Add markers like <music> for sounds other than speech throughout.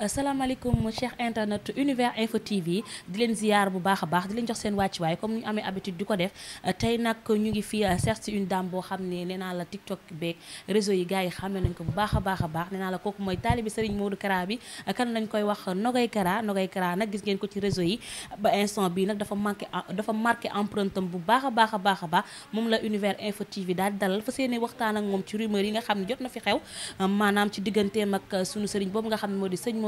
Euh, salaamaaleykum cher internet univers info tv di leen ziyaar bu baax baax di leen jox seen wàccuwaay comme ni ñu amee ko def euh, tey nag ñu ngi fi euh, certes une dame boo xam ne nee naa la tiktok beeg réseau yi gars yi xàmme nañ ko bu baax a baax a baax nee naa la kooku mooy taalibi Serigne Modou Kara bi kan lañ koy wax Nogay Kara Nogay Kara nag gis ngeen ko ci réseau yi ba instant bi nag dafa marqué dafa marqué bu baax a a baax a baax moom la univers info tv daal di dalal fa seeni waxtaan ak moom ci rumeur yi nga xam ne jot na fi xew maanaam ci digganteem ak sunu Serigne boobu nga xam ne moo di Serigne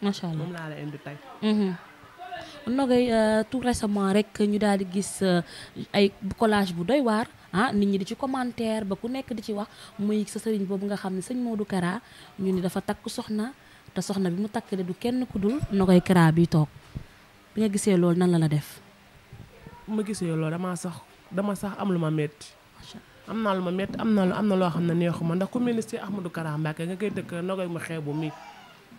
macha allah moom laa la indi tey. Mhm. Nogay euh, tout récemment rek ñu daal di gis euh, ay collage bu doy waar ah nit ñi di ci commentaire ba ku nekk di ci wax muy sa sëriñ boobu nga xam ne sëñ Modou Kara ñu ni dafa takk soxna te soxna bi mu takk de du kenn ku dul Nogay Kara bi toog bi nga gisee loolu nan la la def. bu ma gisee loolu damaa sax dama sax am lu ma métti. am naa lu ma métti am naa na loo xam ne neexuma ndax ku mel ni si Ahmadou Kara Mbacké nga koy dëkk Nogay mu xeebu mi.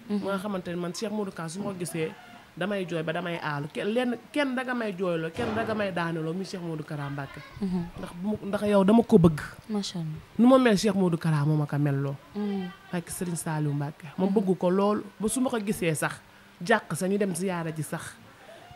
ma nga xamante ne man Cheikh Modou Ka su ma ko gisee damay jooy ba damay aalu lenn kenn danga may jooyloo kenn danga may daaneloo muy Cheikh Modou Kara Mbacké mhm. ndax ndax yow dama ko bëgg macha nu ma mel Cheikh Modou Kara moo ma ko melloo ak mm. Serigne Saliou Mbacké ma bëgg ko loolu ba su ma ko gisee sax jàq sa ñu dem ziyaara ji sax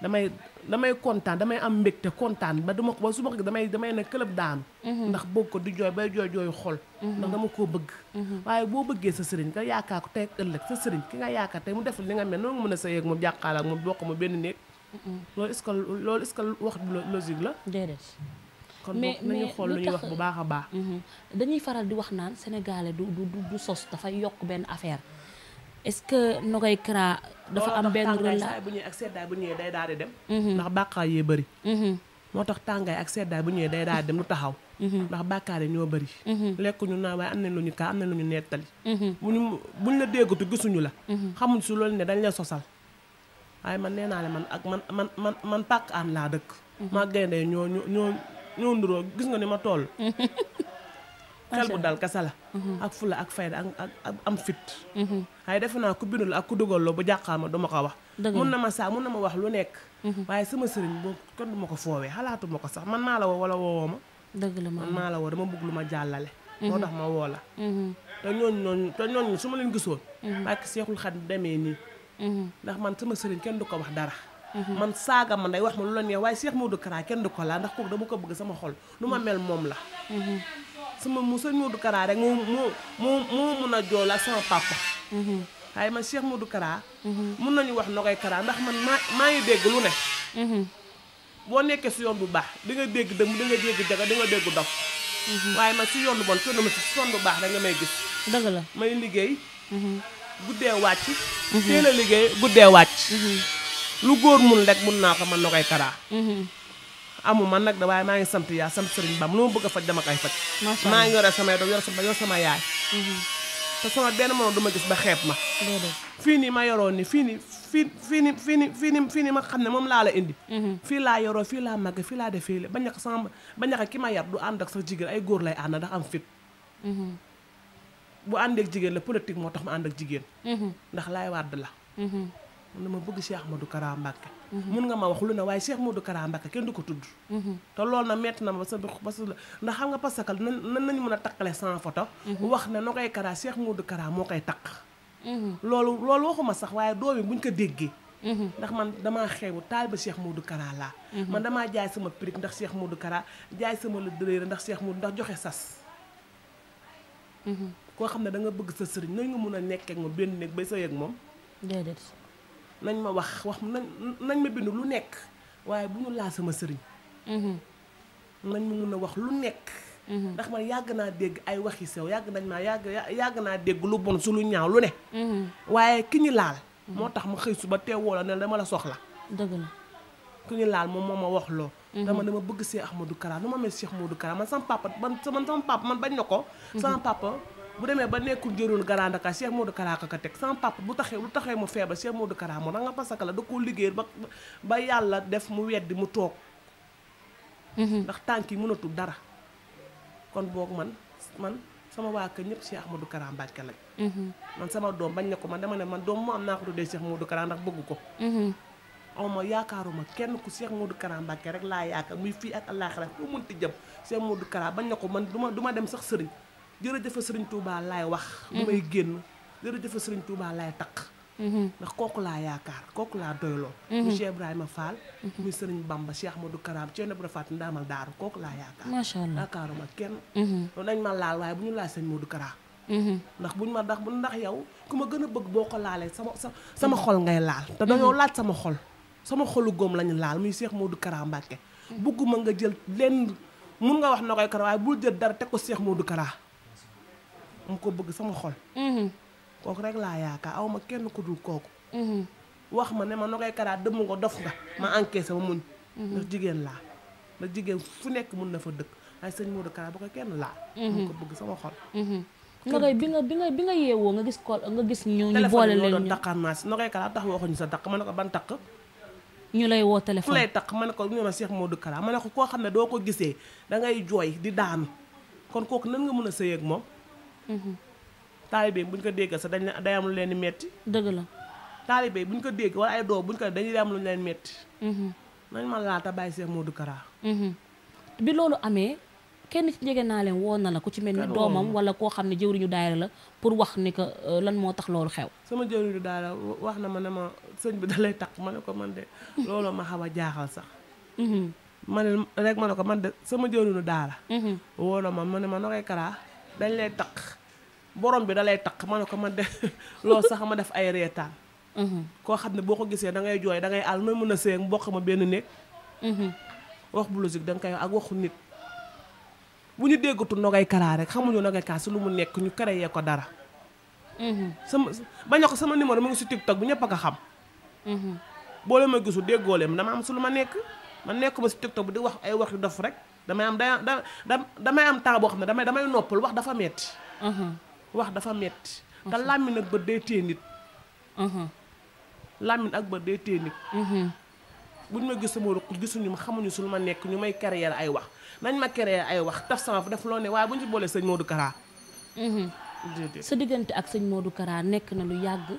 damay damay kontaan damay am mbégte kontaan ba du duma ba su ma ko damay damay ne këlëb daanu. Mhm. ndax bëgg ko di jooy bay jooy jooy xol. Mhm. ndax dama koo bëgg. Mhm. waaye boo bëggee sa sëriñ nga yaakaar ko tey ëllëg sa sëriñ ki nga yaakaar tey mu deful li nga mel noonu mën a sa yeeg moom jàqaala ak moom bokk ma benn néeg. loolu est loolu est-ce que wax logique la. déedéet. kon bokk nañu xool lu ñuy wax bu baax a baax. dañuy faral di wax naan sénégalais du du du sos dafay yokk benn affaire. est-ce que Nogaye Kara dafa am benn relation bu ñëwee ak seddaay bu ñëwee day daal di dem mhm. ndax bàkkaar yee bari mhm. moo tax tàngaay ak seddaay bu ñëwee day daal dem lu taxaw mhm. ndax bàkkaar yi ñoo bëri lekkuñu naa waaye am nañ lu ñu kaa am nañ lu ñu nettali buñu buñ la déggatu gisuñu la xamuñ su loolu ne dañ la sosal waaye man nee naa la man ak man man man man pàkk am laa dëkk maa gaynde ñoo ñoo ñoo ñoo nduroo gis nga ni ma toll <laughs> xel bu dal kasa la mm-hmm. ak fula ak fayda ak ak am fit mm-hmm. waaye defe naa ku bindul ak ku dugaloo bu jàqaal ma duma ko wax mun na ma saa na ma wax lu nekk mm-hmm. waaye sama sëriñ boo kon duma ko foowee xalaatu ma ko sax man naa la woo wala ma dëgg la la woo dama ma jàllale moo tax ma woo la te ñooñu ñooñu te ñooñu su ma leen gisoon barke Seexul Xadiim demee nii ndax man sama sëriñ kenn du ko wax dara man saaga man day ma lu la neex waaye Seex Moodu Kara kenn du ko laa ndax kooku dama ko bëgg sama xol lu ma mel moom la sama mu sëñ Modou Kara rek moo moo moo moo mun a jool ak sama papa. waaye mhm. man Cheikh Modou Kara. Mhm. mun nañu wax Nogaye Kara ndax man maa maa ngi dégg lu ne. Mhm. boo nekkee si yoon bu baax di nga dégg dëmm di nga dégg jaga di nga dégg dof. waaye man ci yoon bu bon tënnu ma si si yoon bu baax rek nga may gis. dëgg la may liggéey. guddee wàcc. teel a liggéey guddee wàcc. lu góor mun rek mun naa ko man Nogaye Kara. amu man nag da waaye maa ngi sant yaa sant Serigne Bam lu ma bëgg a faj dama koy faj maa ngi yore samay doom yor sama yor sama yaay mhm. te sama benn moom du ma gis ba xeeb ma fii nii ma yoroon ni fii nii fii fii ni fii ni fii ni fii ni ma xam ne moom laa la indi mhm. fii laa yoroo fii laa màgg fii laa defee la ba ñàkk sama ba ñàkk ki ma yar du ànd ak sax jigéen ay góor lay ànd ndax am fit mhm. bu ànd ak jigéen la politique moo tax ma ànd ak jigéen ndax laay wàdd la dama bëgg Cheikh Ahmadou Kara Mbacké Mm-hmm. mun nga ma wax lu ne waaye Cheikh Modou Kara Mbacké kenn du ko tudd mm-hmm. te loolu na metti na ma ba sa ba sa ndax xam nga parce que na nañu mën a takkale sans photo mm-hmm. wax ne no koy Kara Cheikh Modou Kara moo koy takk loolu loolu waxuma sax waaye doom buñ ko déggee ndax man damaa xeewu taaliba Cheikh Modou Kara laa man damaa jaay sama pirig ndax Cheikh Modou Kara jaay sama la dëréere ndax Cheikh Modou ndax joxe sas koo xam ne da bëgg sa sëriñ nañ nga mun a nekk ak moom benn néeg bay sa yëg moom nañ ma wax wax nañ nañ ma bind lu nekk waaye bu ñu laa sama sëriñ mhm. nañ ma mun a wax lu nekk mhm. ndax man yàgg naa dégg ay waxi sew yàgg nañ maa yàgg yàgg naa dégg lu bon su lu ñaaw lu ne mhm. waaye ki ñu laal moo tax ma xëy suba teewoo la ne dama la soxla dëgg la ku ñu laal moom moo ma wax loo dama dama bëgg Cheikh Ahmadou Kara nu ma mel Cheikh Ahmadou Kara man sama papa man sama papa man bañ na ko sama papa bu demee ba nekkul njëriñu garaandaka Cheikh Modou Kara ka teg sama papa bu taxee lu taxee mu feebar Cheikh Modou Kara moo na nga parce que la da koo liggéey ba ba def mu weddi mu toog. Mhm. ndax tànk yi mënatul dara. kon boog man man sama waa kër ñëpp Cheikh Modou Kara Mbacke lañ. Mhm. man sama doom bañ ne ko man dama ne man doom mu am naa ko tuddee Cheikh du Kara ndax bëgg ko. Mhm. aw ma yaakaaruma kenn ku Cheikh Modou Kara Mbacke rek laa yaakaar muy fii ak àllaaxira fu mu munti jëm Cheikh Modou Kara bañ na ko man du ma du dem sax sëriñ. jërëjëf sëriñ Touba laay wax. bu mm-hmm. may génn jërëjëf sëriñ Touba laay takk. Mm-hmm. ndax kooku laa yaakaar kooku laa doyloo. mu mm-hmm. Cheikh Ibrahima Fall. muy sëriñ Bamba Cheikh Amadou Karam Cheikh Ibrahima Fall ndaamal daaru kooku laa yaakaar. macha allah yaakaaruma kenn. loolu dañ ma laal bu ñu laal sëñ Modou Kara. ndax buñ ma dax bu ndax yow ku ma gën a bëgg boo ko laalee sama sama xol ngay laal. te dañoo laaj sama xol sama xolu góom lañu laal muy Cheikh Modou Kara Mbacke. bëgguma nga jël lenn mun nga wax na koy Kara waaye bul jël dara teg ko Cheikh Modou Kara mu ko bëgg sama xol. Mm-hmm. kooku rek laa yaakaar aw ma kenn ku dul kooku. Mm-hmm. wax ma ne ma nogay karaat dëmm ko dof nga ma encaissé ma muñ. Mm-hmm. ndax jigéen laa ndax jigéen fu nekk mun na fa dëkk ay sëñ Modou Kara ba ko kenn laa. bëgg sama xol. nogay bi nga bi nga bi nga yeewoo nga gis ko nga gis ñu ñu boole leen ñu taxaan naa si nogay karaat tax waxuñu sa takk ma ne ko ban takk. ñu lay woo téléphone fu lay takk ma ne ko ñu ma Cheikh Modou Kara ma ne koo xam ne doo ko gisee da ngay di daanu kon kooku nan nga mën a sëy ak moom. Mhm. taalibe buñ ko dégg sax dañ day am lu leen di metti dëgg la taalibe buñ ko dégg wala ay doo buñ ko dañuy am lu leen metti mhm. nañ ma laata bàyyi Cheikh Modou Kara mhm. bi loolu amee kenn ci naa leen woon na la ku ci mel ni doomam wala koo xam ne jëwriñu daayira la pour wax ni que euh, lan moo tax loolu xew sama jëwriñu daayira wax na ma ne ma sëñ bi dalay takk ma ne ko man de loolu ma xaw a jaaxal sax ma ne rek ma ko man sama jëwriñu daara woo dañ lay taq borom bi da lay taq ma ne ko ma def <laughs> loo sax ma def ay reetaan mhm. koo xam ne boo ko gisee da ngay jooy da ngay àll mën a sëy mbokk ma benn néeg mhm. wax bu logique da nga koy ak waxu nit bu ñu déggatu nogay karaa rek xamuñu nogay kaa si lu mu nekk ñu créé ko dara mhm. sama baña ko sama numéro mu ngi si TikTok bu ñëpp a ko xam boole ma gisu déggooleem dama am si lu ma nekk ma nekk ma si TikTok bi di wax ay wax yu dof rek damay am da da damay boo xam ne damay damay noppal wax dafa metti uh-huh. wax dafa metti te uh-huh. làmmiñ ak bët day téye nit uh-huh. làmmiñ ak bët day buñ ma gis gisuñu ma xamuñu su lu ma nekk ñu may créer ay wax nañ ma créer ay wax taf sama fa def loo ne waaye buñ ci boolee sëñ Modou Kara sa diggante ak sëñ Modou Kara nekk na lu yàgg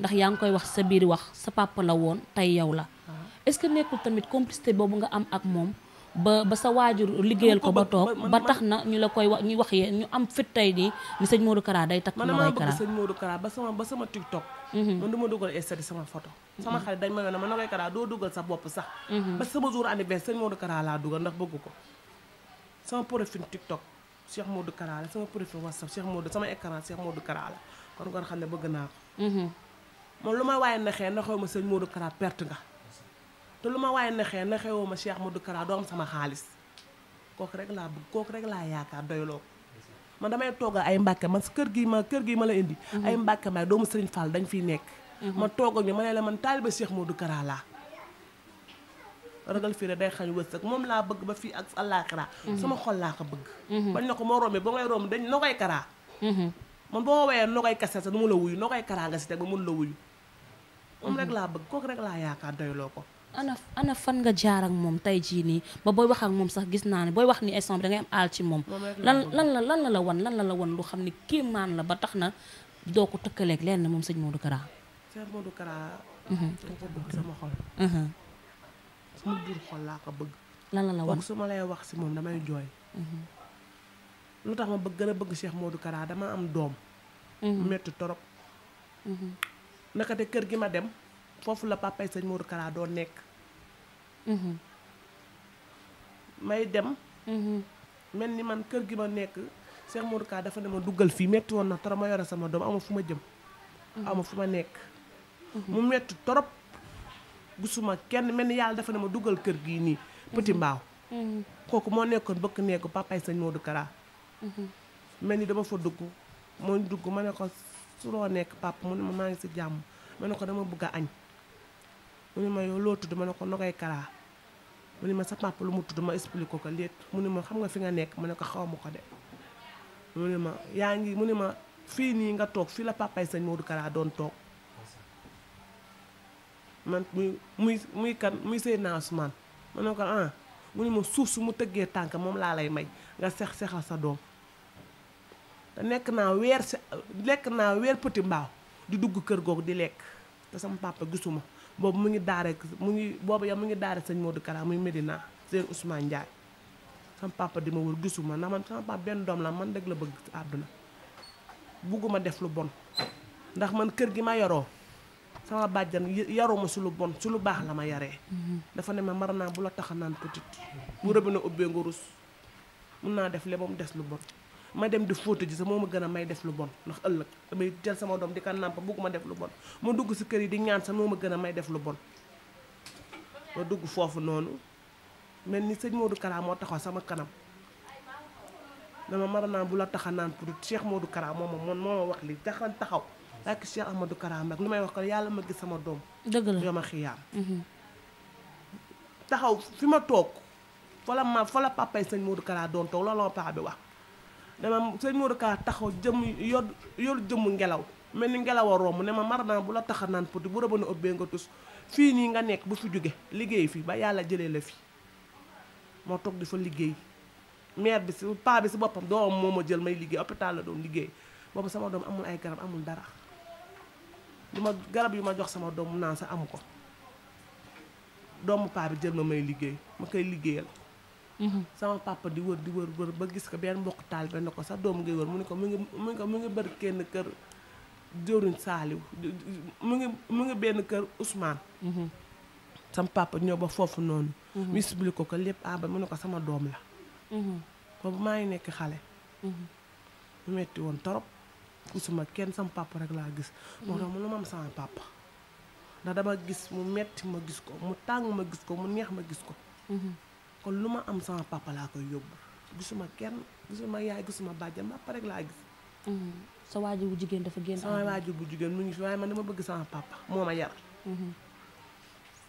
ndax yaa ngi koy wax sa biir wax sa papa la woon tey yow la ah. est-ce que nekkul tamit complicité boobu nga am ak moom ba ba sa waajur liggéeyal ko ba toog ba tax na ñu la koy wax ñu wax yee ñu am fit tey nii ni sëñ Modou Kara day takk man damaa bëgg sëñ moodu Kara ba sama ba sama TikTok mhm. man du ma dugal sama photo sama mhm. xarit dañ ma ne ma na koy Kara doo dugal sa bopp sax mhm. ba sama jour anniversaire sëñ Modou Kara laa dugal ndax bëgg ko sama profil TikTok Cheikh Modou Kara la sama profil WhatsApp Cheikh Modou sama écran Cheikh Modou Kara la kon kon xam ne bëgg naa ko man lu ma waaye naxee naxoo ma sëñ Modou Kara perte nga te lu ma waaye naxee naxewoo ma Cheikh Modou Kara doo am sama xaalis kooku rek laa rek laa yaakaar doyloo man damay toogal ay mbàkke man kër gi ma kër gi ma la indi mhm. ay mbàkke maay doomu Serigne Fall dañ fiy nekk mhm. ma toogal ñu ma ne la man taaliba Cheikh Modou Kara laa ragal fii rek day xañ wërsëg moom laa bëgg ba fii ak àllaaxira mhm. sama xol bëgg bañ na ko moo rombee ba sa du mu la si teg ba mun la wuyu rek laa bëgg kooku rek laa yaakaar doyloo ko ana ana fan nga jaar ak moom tey jii nii ba booy wax ak moom sax gis naa ne booy wax ni exemple da ngay am aal ci moom. lan lan la lan la la wan lan la la wan lu xam ne kii maan la ba tax na doo ko tëkkaleeg lenn moom sëñ Modou Kara. sëñ Modou Kara. Mhm. dama ko bëgg sama mhm. xol. laa ko bëgg. lan la la wan su ma lay wax si moom damay jooy. Mhm. lu tax ma bëgg gën a bëgg Cheikh Modou Kara dama am doom. metti torop. naka te kër gi ma dem. foofu la papay sëñ Modou Kara doon nekk mhm. may dem mhm. mel ni man kër gi ma nekk Cheikh Modou dafa ne ma duggal fii metti woon na trop ma yore sama doom ama fu ma jëm mhm. ama fu ma nekk mu metti trop gisuma kenn mel ni yàlla dafa ne ma duggal kër gii nii petit mbaaw kooku moo nekkoon bëkk neeku papay sëñ Modou Kara mel ni dama fa dugg moo dugg ma ne ko su nekk papa mu ne maa ngi si jàmm ma ne ko dama bëgg a añ mu ne ma yow loo tudd ma ne ko Nogay Kara mu ne ma sa papa lu mu tudd ma expliqué ko ko léet mu ne ma xam nga fi nga nekk ma ne ko xaw ma ko de mu ne ma yaa ngi mu ne ma fii nii nga toog fii la papay sëñ Modou Kara doon toog man muy muy muy kan muy ma ne ko ah. mu ne ma suuf su mu tëggee tànk moom laa lay may nga sex sexal sa doom te nekk naa weer si nekk naa weer puti mbaaw di dugg kër googu di lekk te sama papa gisuma boobu mu ngi daara mu ngi boobu yow mu ngi daara sañ Modou Kara muy Medina sëñ Ousmane Ndiaye sama papa di ma wër gisuma ndax man sama papa benn doom la man rek la bëgg ci àdduna bugguma def lu bon ndax man kër gi ma yoroo sama bàjjan yaruma su lu bon su lu baax la ma yaree mm-hmm. dafa ne ma mar naa bu la tax naan petit bu rëbbi na ubbee nga rus mun naa def le ba des lu bon ma dem di fóotu ji sax moo ma gën a may def lu bon ndax ëllëg damay jël sama doom di ka nàmpa bugguma def lu bon ma dugg si kër yi di ñaan sax moo ma gën a may def lu bon ma dugg foofu noonu mel ni sëñ Modou Kara moo taxaw sama kanam dama mara naan bu la taxa naan pour Cheikh Modou Kara moom moom moo ma wax li taxan taxaw ak Cheikh Amadou Kara nag may wax ko yàlla ma gis sama doom. dëgg la yoo ma xiyaam. Mhm. taxaw fi ma toog fa la ma fa la papay sëñ Modou Kara doon toog loolu la ma paa bi wax. dama sëñ Modou Ka taxaw jëm yor yor jëmm ngelaw mel ni ngelaw a romb ne ma mar naa bu la tax naan pour bu rëbën a ëbbee nga tus fii nii nga nekk bu fi jógee liggéey fi ba yàlla jëlee la fi moo toog di fa liggéey maire bi si paa bi si boppam doomam moo ma jël may liggéey hôpital la doon liggéey boobu sama doom amul ay garab amul dara lu ma garab yu ma jox sama doom naan sa amu ko doomu paa bi jël ma may liggéey ma koy liggéeyal Mm-hmm. sama papa di wër di wër wër ba gis ko benn mbokk taal ba ne ko sa doom ngay wër mu ne ko mu ngi mu ngi ko mu ngi bër kenn kër Diorin Saliou mu ngi benn kër Ousmane. Mm-hmm. sama papa ñëw ba foofu noonu. Mm-hmm. mu expliqué ko ko lépp ah ba mu ne ko sama doom la. boobu maa ngi nekk xale. mu metti woon torop gisuma kenn sama papa rek laa gis. moo tax ma sama papa. ndax gis mu metti ma gis ko mu tàng ma gis ko mu neex ma gis ko. kon lu ma am sama papa laa koy yóbbu gisuma kenn gisuma yaay gisuma bàjjan ma pare rek laa gis. Mm-hmm. sa waajur bu jigéen dafa génn. sama waajur bu jigéen mu ngi fi waaye man dama bëgg sama papa moo ma yar. Mm-hmm.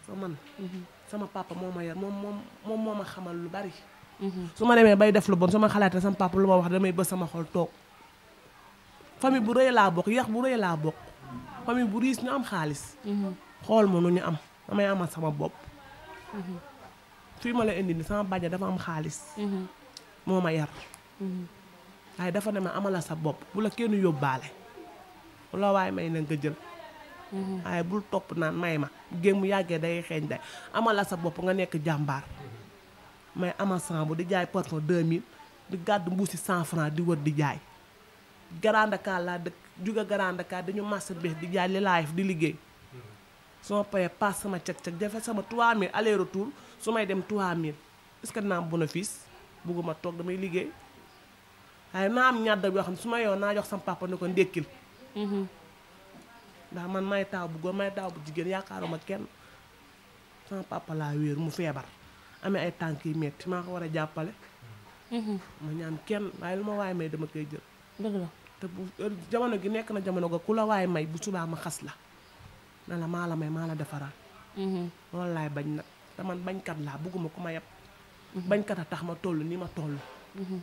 so mm-hmm. sama papa moo ma yar moom moom moom ma xamal lu bari. su ma demee bay def lu bon su ma xalaatee sama papa lu ma wax damay bës sama xol toog. famille bu rëy laa bokk yax bu rëy laa bokk. famille bu riis ñu am xaalis. xool ma nu ñu am sama bopp. fii ma la indi ni sama bàjja dafa am xaalis. Mhm. moo ma yar. Mhm. waaye dafa ne ma amala sa bopp bu la kenn yóbbaale. bu la waay may na nga jël. Mhm. waaye bul topp naan may ma gémm mu yàggee day xeeñ day amala sa bopp nga nekk jàmbaar. may ama bu di jaay parfum 2000 di gàddu mbuusi 100 francs di wër di jaay. Grand Dakar laa dëkk juga Grand Dakar dañu màssa bees di jaay li laayef di liggéey. su ma paree paas sama cag-cag jafe sama 3000 aller retour su may dem 3000 est-ce que dinaa am bénéfice bugguma toog damay liggéey waaye naa am ñaar yoo xam ne su ma yoon naa jox sama papa ne ko ndékkil mhm. ndax man may taaw bu góor may taaw bu jigéen yaakaaruma kenn sama papa laa wéer mu feebar amee ay tànk yi metti maa ko war a jàppale mhm. ma ñaan kenn waaye lu ma waay may dama koy jël te bu jamono gi nekk na jamono ga ku la waay may bu subaa ma xas la na la maa la may maa la defaral mhm. loolu laay bañ nag te man bañkat laa bëgguma ko ma yab bañkat a tax ma toll ni ma toll mhm.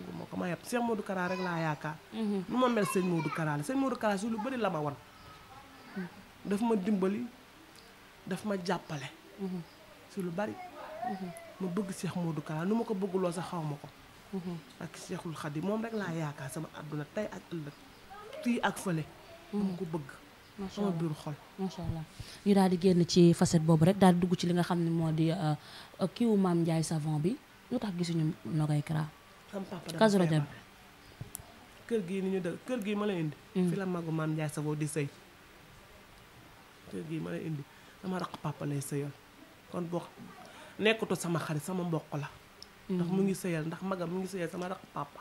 bugguma ku ma yab Cheikh Modou Kara rek laa yaakaar mhm. nu ma mel sëñ Modou Kara la lu ma wan ma dimbali daf ma jàppale si lu bari ma bëgg Cheikh Modou nu ma ko bëgguloo sax xaw ma ko ak Cheikhul Khadim moom rek laa yaakaar sama àdduna tey ak ëllëg fii ak fële nu ma ko bëgg sama oh, biir xol macha allah ñu daal di génn ci facette boobu rek daal di dugg ci li nga xam ne moo di euh, euh, kiiwu maam Ndiaye savon bi lu tax gisuñu Nogaye Kara Kazu Rajab kër gii kër gii ma la indi mm. fi la magu maam Ndiaye savon di sëy kër ma indi sama raq kon boo nekkatu sama xarit sama mboq la ndax mu mm. ngi sëyal ndax magam mu ngi sëyal sama raq papa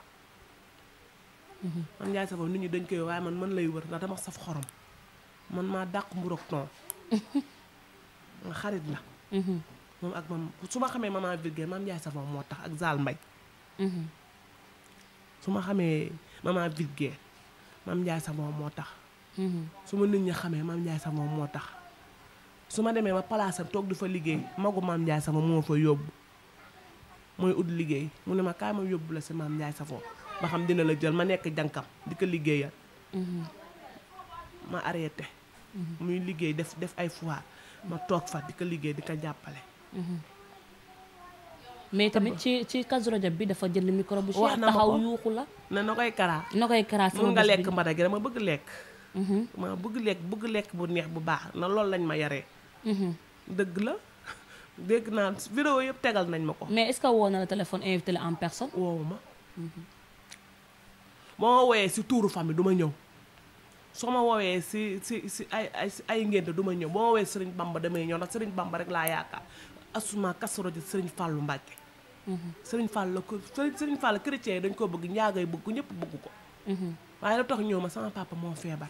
mm-hmm. man Ndiaye savon nit ñi dañ koy waaye man man lay wër ndax dama saf xorom man maa dàq mburu ak ton <laughs> xarit la mhm. moom ak mam su ma xamee maman Virgile maam Ndiaye Savon moo tax ak Zal Mbaye mhm. su ma xamee maman Virgile maam Ndiaye Savon moo tax mhm. su ma nit ñi xamee maam Ndiaye Savon moo tax su ma demee ma palaasam toog du fa liggéey magu maam Ndiaye Savon moo fa yóbbu mooy ut liggéey mu ne ma kaay ma yóbbu la si maam Ndiaye Savon ba xam dina la jël ma nekk jànkam di ko liggéeyal ma arrêté Mm-hmm. muy liggéey def def ay foire ma toog fa di ko liggéey di ko jàppale. Mm-hmm. mais tamit ci ci Kazu Rajab bi dafa jënd micro bu. wax taxaw yuuxu la. ne na koy lekk ma gi dama bëgg lekk. Mm-hmm. ma bëgg lekk bu neex bu baax na loolu lañ ma yaree. dëgg la dégg naa vidéo yëpp tegal nañ ma ko. mais est-ce que woo na la téléphone invité en person woowu ma. moo wooyee si tuuru famille du ñëw. soo ma woowee si si si ay ay ay ngénte du ma ñëw boo ma woowee Serigne Bamba damay ñëw ndax Serigne Bamba rek laa yaakaar asuma kasaro ji Serigne Fallou Mbacke. Mm-hmm. Serigne Fall la ko Serigne Fall dañ ko bëgg njaagay bëgg ñëpp bëgg ko. Mm-hmm. waaye la ñëw ma sama papa moo feebar.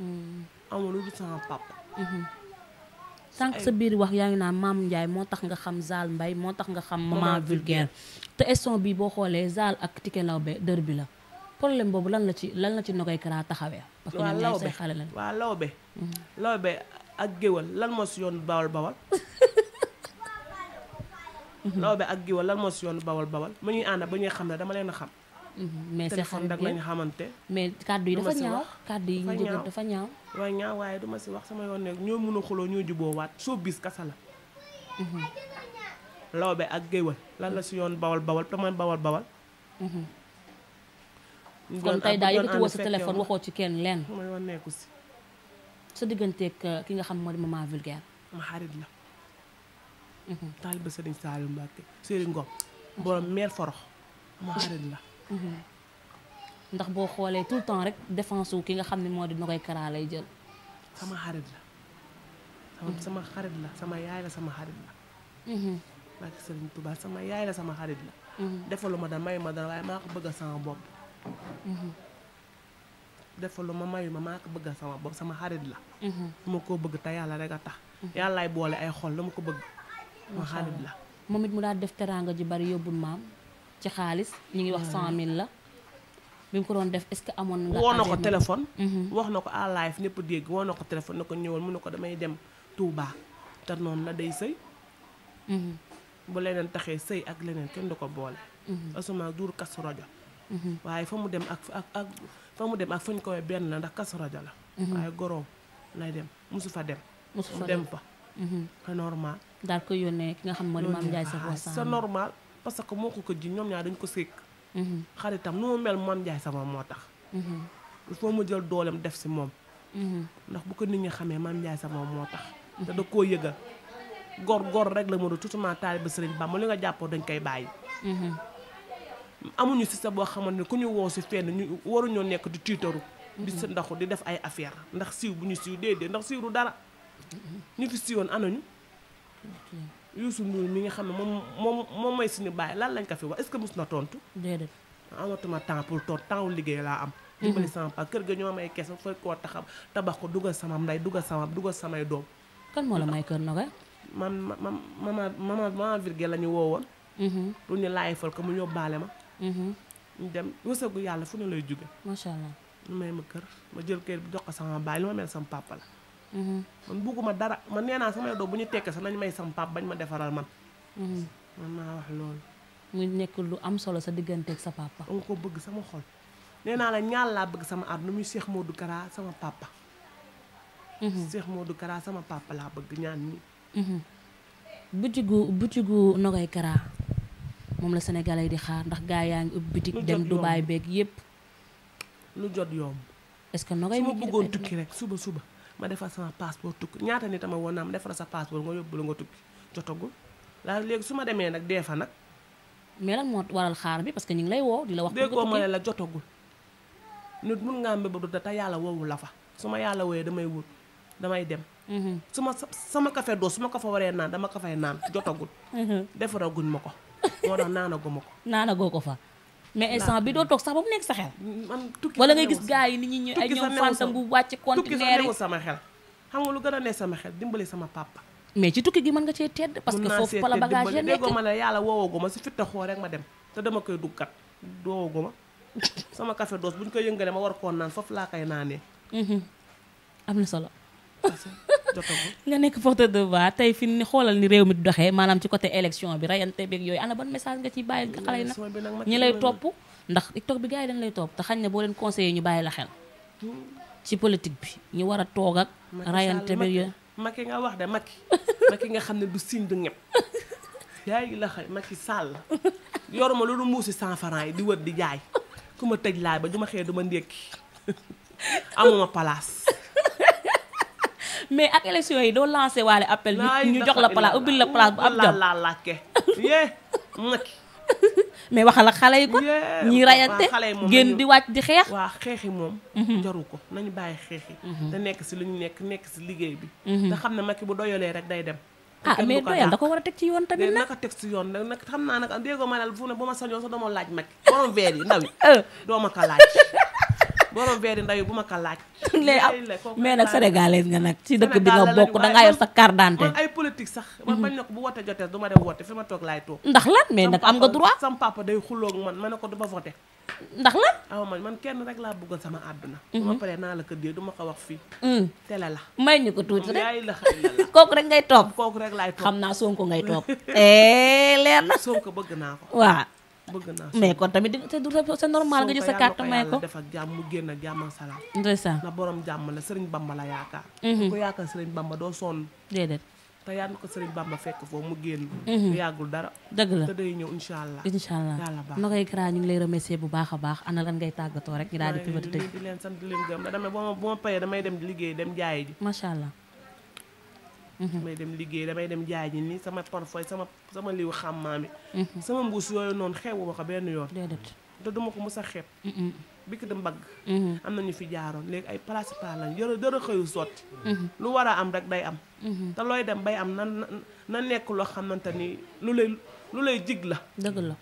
Mm-hmm. amul lu dul sa biir wax yaa ngi naan maam Ndiaye moo tax nga xam Zal Mbaye moo tax nga xam maman vulgaire te instant bi boo xoolee Zal ak Ticket Laobé dër bi la. problème boobu lan la ci lan la ci Nogaye Kara taxawee. parce que ñoom ñooy say xale lañ. waaw lawbe mm-hmm. lan moo si yoon bawal bawal. lawbe ak géwal lan moo si yoon bawal bawal. mu ñuy ba ñuy xam ne dama leen a xam. Mm-hmm. mais seen xarit xamante. mais kàddu yi yi ñu jógoon dafa ñaaw. waaye ñaaw si wax sama yoon ne ñoo mun xuloo ñoo juboo waat soo la. Mm-hmm. lawbe ak géwal la si yoon bawal bawal dama bawal bawal. kon tey daa yëkkati woo sa téléphone waxoo ci kenn lenn. mooy woon nekku sa digganteeg euh, ki nga xam moo di maman vulgaire. ma la. Mhm. taaliba Sëriñ Saliou Mbacke Sëriñ Ngom. borom mhm. meer forox ma xarit la. Mhm. ndax boo xoolee tout temps rek défense ki nga xam ne moo di na koy karaa lay jël. sama xarit la. sama xarit la sama yaay la sama xarit la. Mbacke Sëriñ sama yaay sama xarit la. defalu ma dara mayu ma dara waaye maa ko bëgg sama bopp. defalu ma mayu ma maa ko bëggal sama bopp sama xarit la. Mhm. ma koo bëgg te yàlla rek a tax. Mhm. yàllaay boole ay xol dama ko bëgg. ma xarit la moom it mu daal def teraanga ji bari yóbbul maam ci xaalis ñu ngi wax cent mille la. bi mu ko doon def est-ce que amoon nga. woo na ko téléphone. Mhm. wax na ko en ñëpp dégg woo na ko téléphone na ko mu ne ko damay dem Touba te noonu la day sëy. bu leneen taxee sëy ak leneen kenn du ko boole. asuma duur kasu rajo. Mm-hmm. waaye fa mu dem ak ak fa mu dem ak fuñ koy benn la ndax Kazu Rajab la mm-hmm. waaye goroom lay dem musu fa dem musu fa dem fa mm-hmm. c'est normal daal ko yónnee ki nga xam moo di Mame Ndiaye Savon ah, Samb c'est normal parce que moo ko ko ji ñoom ñaar dañ ko sékk xaritam nu mu mel Mame Ndiaye Savon moo tax il faut mu jël dooleem def si moom ndax bu ko nit ñi xamee Mame Ndiaye Savon moo tax te da koo yëgal gor gor rek la mu doon tout le temps taaliba Sëriñ Bamba li nga jàppoo dañ koy bàyyi amuñu si sa boo xamante ne ku ñu woo si fenn ñu waruñoo nekk di tiitaru di sa ndaxu di def ay affaire ndax siiw bu ñu siiw déedéet ndax siiw du dara ñu fi siiwoon anañu Youssou Ndour mi nga xam ne moom moom moom mooy suñu bàyyi lan lañ ko fi wax est-ce que mos na tontu. déedéet amatuma temps pour tontu temps wu liggéey laa am. Mhm. dimbali sama pa kër ga ñoo may kese fooy koo taxam tabax ko dugal sama ndey dugal sama dugal samay doom. kan moo la may kër Nogaye. man ma ma mama mama virgule la ñu woowoon. Mhm. pour ñu laajfal ko mu yóbbaale ma. Mhm. ñu dem wësagu yàlla fu ne lay jóge macha allah ñu may ma kër ma jël kër bi jox ko sama baay li ma mel sama papa la mhm. man bugguma dara man nee naa samay doom bu ñu tekkee sa nañu may sama papa bañ ma defaral man mhm. man maa wax lu am solo sa digganteeg sa papa nga ko bëgg sama xol nee naa la ñaar laa bëgg sama lu muy Cheikh Modou Kara sama papa Cheikh moodu Kara sama papa laa bëgg ñaan ñi butigu butigu Nogay Kara moom la sénégalais di xaar ndax gaa yaa ngi ubbi bitik dem Dubaay beeg yépp lu jot yomb est-ce que nogay su ma bëggoon tukki rek suba suba ma defar sama passeport tukki ñaata nit ma woon naam defar sa passeport nga yóbbu la nga tukki jotagul laa léegi su ma demee nag dee fa nag mais lan moo waral xaar bi parce que ñu ngi lay woo di la wax déggoo ma la jotagul nit mun ngaa mbébadu da te yàlla wowu la fa su ma yàlla wooyee damay wut damay dem mhm. su ma sama kafe doo su ma ko fa waree naan dama ko fay naan jotagul mhm. defaraguñ ma ko moo tax naanaguma ko. naanagoo ko fa. mais instant bi doo toog sax ba mu nekk sa xel. Mm, man tukki wala nga gis gars yi ni ñuy ay ñoom fantam bu wàcc conteneur yi sama xel. xam nga lu gën a ne sama xel dimbali sama papa. mais ci tukki gi mën nga cee tedd. parce que foofu pala bagage yi nekk ma ne yàlla woowaguma si fitta xoo rek ma dem te dama koy duggat woowaguma <laughs> sama café doos bu koy yëngalee ma war koo naan foofu laa koy naanee. Mhm. am na solo. nga nekk porte de voix tey fi ni xoolal ni réew mi di doxee maanaam ci côté élection bi rayante beeg yooyu ana ban message nga ciy bàyyi xale na ñi lay topp ndax TikTok bi gars yi dañ lay topp te xañ na boo leen conseillé ñu bàyyi la xel ci politique bi ñu war a toog ak rayante beeg yooyu Macky nga wax de Macky Macky nga xam ne du signe du ñëpp yaa ngi la xay Macky Sall yoruma loolu muusi san francs yi di wër di jaay ku ma tëj laay ba du ma xëyee du ma ndékki amuma place mais ak élection yi doo lancé waale appel. ñu jox la place ubbil la place bu am jom la <laughs> mais waxal ak xale yi ko. ñi rayante génn di wàcc di xeex. waa xeexi moom. Mhm. jaru ko nañu bàyyi xeexi. Mhm. te nekk si lu ñu nekk nekk si liggéey bi. Mhm. te xam ne Macky bu doyalee rek day dem. ah mais doyal da ko war a teg ci yoon tamit nag naka teg ci yoon nag xam naa nag déggoo ma daal fu ne bu ma sañoon sax dama laaj Macky borom veer yi ndaw yi. <laughs> Euh. doo dooma ko laaj. borom veeri ndayu bu ma ko laaj. <laughs> mais nag sénégalais nga nag ci dëkk bi nga bokk dangaa yor sa carte d'identité politique sax man bañ ko bu wote jotee du ma dem wote fi ma toog laay toog ndax lan mais nag am nga droit sam papa day xulloog man ma ne ko du ma vote ndax lan man kenn rek laa bëggoon sama àdduna mhm. bu naa la ko dee du ma ko wax fii mm. tele la may ñu ko tuuti rek <laughs> kooku rek ngay toog kooku rek laay xam naa sonko ngay toog eh, leer na sonko bëgg naa ko waaw bëgg naa mais kon tamit di c'est normal nga jël sa carte may ko def ak jàmm mu génn ak jàmm ak salaam ndeysaan na borom jàmm la sëriñ bamba la yaakaar mhm. ku yaakaar sëriñ bamba doo sonn déedéet te yal mhm. la te allah na koy kara ñu ngi lay remercier bu baax a baax ana lan ngay tàggatoo rek ñu daal di fi ba tëj di da damay boo ma payee damay dem liggéey dem jaayi ji macha allah damay mm-hmm. dem liggéey damay dem jaay ji ni sama portefeuille sama sama liw xàmmaami mm-hmm. sama mbuus yooyu noonu xewu ma a benn yoon te duma ko mës sa xeeb bi ki dem bagg am na ñu fi jaaroon léegi ay place par lañ yore dara xëyu sotti mm-hmm. lu war a am rek day am te looy dem bay am na na nekk loo xamante ni lu lay lu lay jig la dëgg la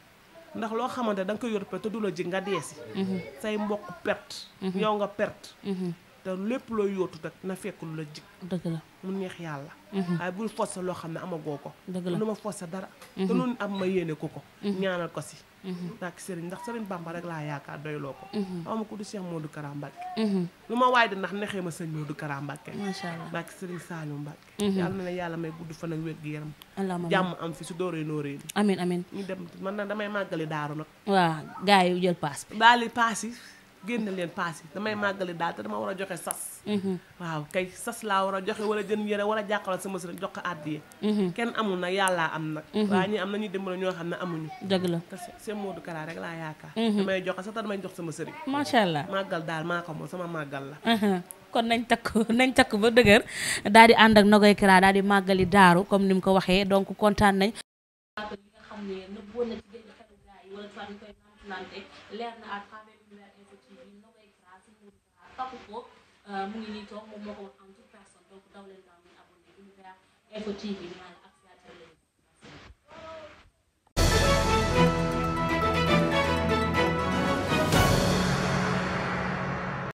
ndax loo xamante da nga koy yor pe te du la jig nga deesi say mbokk perte yow nga perte te lépp loo yootu nag na fekk lu la jig. dëgg la mu neex yàlla. Mhm. waaye bul forcer loo xam ne amagoo ko. dëgg la lu ma forcer dara. Mhm. te loolu am ma yéene ko ko. Mhm. ñaanal ko si. ndax sëriñ ndax sëriñ Bamba rek laa yaakaar doyloo ko. xaw ma ko du Cheikh Modou Kara Mbacké. lu ma waay di ndax nexee ma sëñ Modou Kara Mbacké. macha allah ndax sëriñ Saliou Mbacké. yàlla na yàlla may gudd fan ak wér gi yaram. alhamdulilah jàmm am fi su dooree nooree. amiin amiin ñu dem man nag damay màggale daaru nag. waaw gars yi jël paas bi. daal di paas yi. génn leen paas yi damay màggali daal te dama war a joxe sas mhm. waaw kay sas laa war a joxe wala jën yére wala jàqalal sama sëriñ jox ko àddiya mhm. kenn amul nag yàllaa am nag mhm. waaye ñi am nañuy dimbali ñoo xam ne amuñu dëgg la te seen Modou Kara rek laa yaakaar damay joxe sax te damay jox sama sëriñ macha allah màggal daal maa ko moom sama màggal la kon nañ takk nañ takk ba dëgër daal di ànd ak Nogaye Kara daal di màggali daaru comme ni mu ko waxee donc kontaan nañ leer na Pape Kopp euh, mu ngi nii toog moom moo ko wax a toute personne donc daw leen gaaw ngeen abonné Univers Info TV